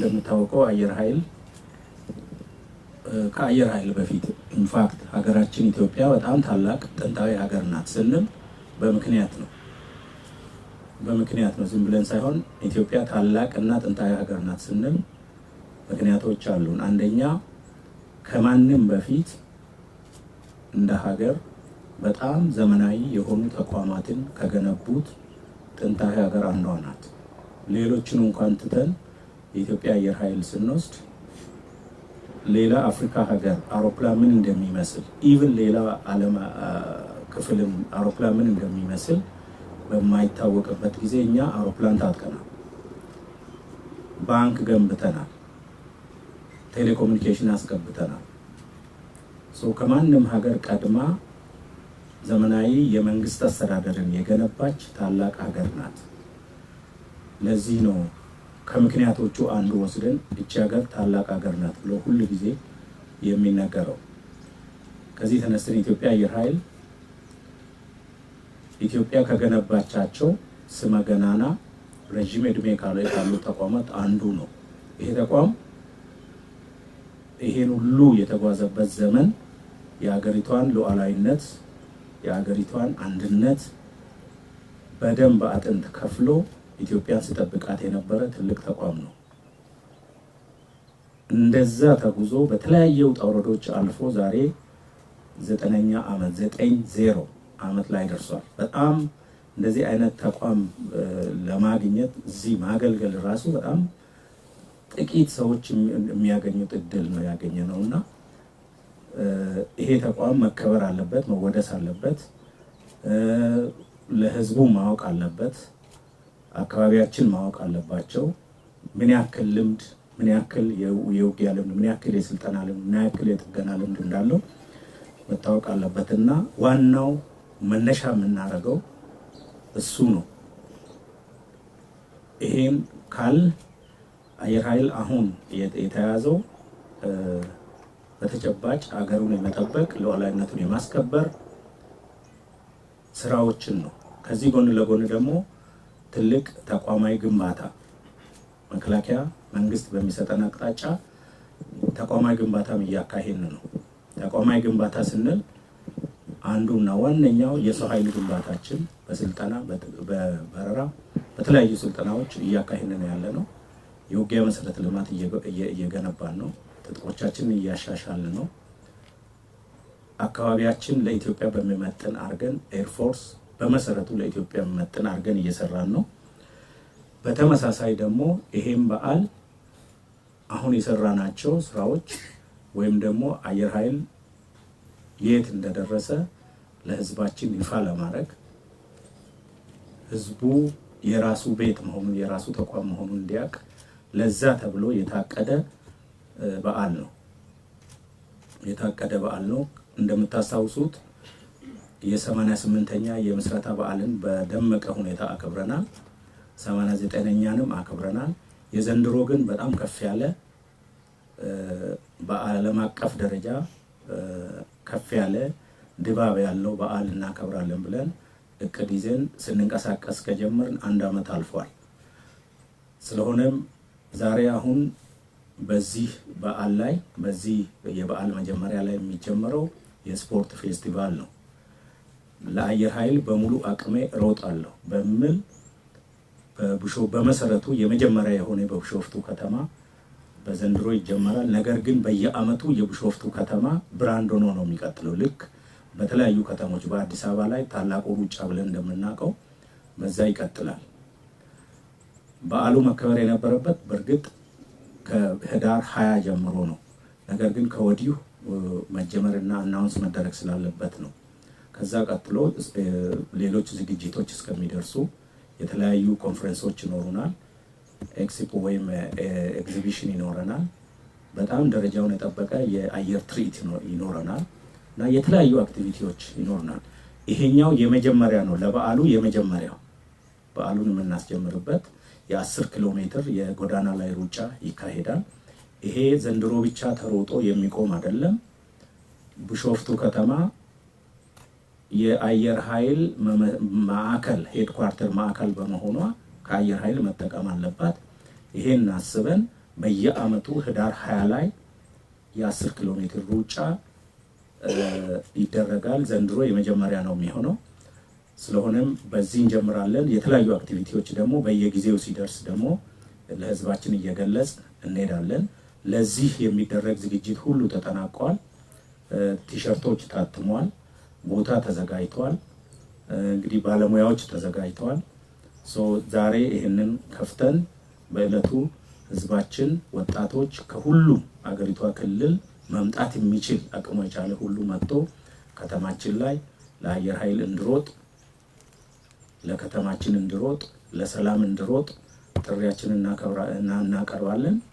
እንደምታውቀው አየር ኃይል ከአየር ኃይል በፊት ኢንፋክት ሀገራችን ኢትዮጵያ በጣም ታላቅ ጥንታዊ ሀገር ናት ስንል በምክንያት ነው። በምክንያት ነው ዝም ብለን ሳይሆን ኢትዮጵያ ታላቅ እና ጥንታዊ ሀገር ናት ስንል ምክንያቶች አሉን። አንደኛ ከማንም በፊት እንደ ሀገር በጣም ዘመናዊ የሆኑ ተቋማትን ከገነቡት ጥንታዊ ሀገር አንዷ ናት። ሌሎችን እንኳን ትተን የኢትዮጵያ አየር ኃይል ስንወስድ ሌላ አፍሪካ ሀገር አውሮፕላን ምን እንደሚመስል ኢቭን ሌላ ዓለም ክፍልም አውሮፕላን ምን እንደሚመስል በማይታወቅበት ጊዜ እኛ አውሮፕላን ታጥቀናል፣ ባንክ ገንብተናል፣ ቴሌኮሙኒኬሽን አስገብተናል። ከማንም ሀገር ቀድማ ዘመናዊ የመንግስት አስተዳደርን የገነባች ታላቅ ሀገር ናት። ለዚህ ነው ከምክንያቶቹ አንዱ ወስደን እቺ ሀገር ታላቅ ሀገር ናት ብሎ ሁል ጊዜ የሚነገረው ከዚህ ተነስተን ኢትዮጵያ አየር ኃይል ኢትዮጵያ ከገነባቻቸው ስመ ገናና ረዥም ካለ ካሉ ተቋማት አንዱ ነው። ይሄ ተቋም ይሄን ሁሉ የተጓዘበት ዘመን የሀገሪቷን ሉዓላዊነት የሀገሪቷን አንድነት በደንብ በአጥንት ከፍሎ ኢትዮጵያን ስጠብቃት የነበረ ትልቅ ተቋም ነው። እንደዛ ተጉዞ በተለያየ ውጣ ውረዶች አልፎ ዛሬ ዘጠነኛ ዓመት ዘጠኝ ዜሮ ዓመት ላይ ደርሷል። በጣም እንደዚህ አይነት ተቋም ለማግኘት እዚህ ማገልገል ራሱ በጣም ጥቂት ሰዎች የሚያገኙት እድል ነው ያገኘ ነው እና ይሄ ተቋም መከበር አለበት፣ መወደስ አለበት፣ ለህዝቡ ማወቅ አለበት። አካባቢያችን ማወቅ አለባቸው። ምን ያክል ልምድ፣ ምን ያክል የውጊያ ልምድ፣ ምን ያክል የስልጠና ልምድ፣ ምን ያክል የጥገና ልምድ እንዳለው መታወቅ አለበት እና ዋናው መነሻ የምናደርገው እሱ ነው። ይሄም ካል አየር ኃይል አሁን የተያዘው በተጨባጭ አገሩን የመጠበቅ ሉዓላዊነቱን የማስከበር ስራዎችን ነው። ከዚህ ጎን ለጎን ደግሞ ትልቅ ተቋማዊ ግንባታ መከላከያ መንግስት በሚሰጠን አቅጣጫ ተቋማዊ ግንባታም እያካሄን ነው። ተቋማዊ ግንባታ ስንል አንዱና ዋነኛው የሰው ኃይል ግንባታችን በስልጠና በበረራ በተለያዩ ስልጠናዎች እያካሄድን ያለ ነው። የውጊያ መሰረተ ልማት እየገነባን ነው። ትጥቆቻችንን እያሻሻል ነው። አካባቢያችን ለኢትዮጵያ በሚመጥን አድርገን ኤርፎርስ በመሰረቱ ለኢትዮጵያ መጥን አድርገን እየሰራን ነው። በተመሳሳይ ደግሞ ይሄም በዓል አሁን የሰራናቸው ስራዎች ወይም ደግሞ አየር ኃይል የት እንደደረሰ ለህዝባችን ይፋ ለማድረግ ህዝቡ የራሱ ቤት መሆኑን የራሱ ተቋም መሆኑን እንዲያውቅ ለዛ ተብሎ የታቀደ በዓል ነው። የታቀደ በዓል ነው እንደምታስታውሱት የ88ኛ የምስረታ በዓልን በደመቀ ሁኔታ አክብረናል። 89ኛንም አክብረናል። የዘንድሮ ግን በጣም ከፍ ያለ በዓለም አቀፍ ደረጃ ከፍ ያለ ድባብ ያለው በዓል እናከብራለን ብለን እቅድ ይዘን ስንንቀሳቀስ ከጀመርን አንድ ዓመት አልፏል። ስለሆነም ዛሬ አሁን በዚህ በዓል ላይ በዚህ የበዓል መጀመሪያ ላይ የሚጀመረው የስፖርት ፌስቲቫል ነው። ለአየር ኃይል በሙሉ አቅሜ እሮጣለሁ በሚል በመሰረቱ የመጀመሪያ የሆነ በብሾፍቱ ከተማ በዘንድሮ ይጀመራል። ነገር ግን በየአመቱ የብሾፍቱ ከተማ ብራንድ ሆኖ ነው የሚቀጥለው። ልክ በተለያዩ ከተሞች በአዲስ አበባ ላይ ታላቁ ሩጫ ብለን እንደምናውቀው በዛ ይቀጥላል። በዓሉ መከበር የነበረበት በእርግጥ ከህዳር ሀያ ጀምሮ ነው። ነገር ግን ከወዲሁ መጀመርና አናውንስ መደረግ ስላለበት ነው። ከዛ ቀጥሎ ሌሎች ዝግጅቶች እስከሚደርሱ የተለያዩ ኮንፈረንሶች ይኖሩናል። ኤክስፖ ወይም ኤግዚቢሽን ይኖረናል። በጣም ደረጃውን የጠበቀ የአየር ትርኢት ይኖረናል እና የተለያዩ አክቲቪቲዎች ይኖሩናል። ይሄኛው የመጀመሪያ ነው፣ ለበዓሉ የመጀመሪያው በዓሉን የምናስጀምርበት የአስር ኪሎ ሜትር የጎዳና ላይ ሩጫ ይካሄዳል። ይሄ ዘንድሮ ብቻ ተሮጦ የሚቆም አይደለም። ቢሾፍቱ ከተማ የአየር ኃይል ማዕከል ሄድኳርተር ማዕከል በመሆኗ ከአየር ኃይል መጠቀም አለባት። ይሄን አስበን በየአመቱ ህዳር ሀያ ላይ የአስር ኪሎ ሜትር ሩጫ ይደረጋል። ዘንድሮ የመጀመሪያ ነው የሚሆነው። ስለሆነም በዚህ እንጀምራለን። የተለያዩ አክቲቪቲዎች ደግሞ በየጊዜው ሲደርስ ደግሞ ለህዝባችን እየገለጽ እንሄዳለን። ለዚህ የሚደረግ ዝግጅት ሁሉ ተጠናቋል። ቲሸርቶች ታትሟል። ቦታ ተዘጋጅተዋል። እንግዲህ ባለሙያዎች ተዘጋጅተዋል። ዛሬ ይህንን ከፍተን በእለቱ ህዝባችን፣ ወጣቶች ከሁሉም አገሪቷ ክልል መምጣት የሚችል አቅሙ የቻለ ሁሉ መጥቶ ከተማችን ላይ ለአየር ኃይል እንድሮጥ፣ ለከተማችን እንድሮጥ፣ ለሰላም እንድሮጥ ጥሪያችንን እናቀርባለን።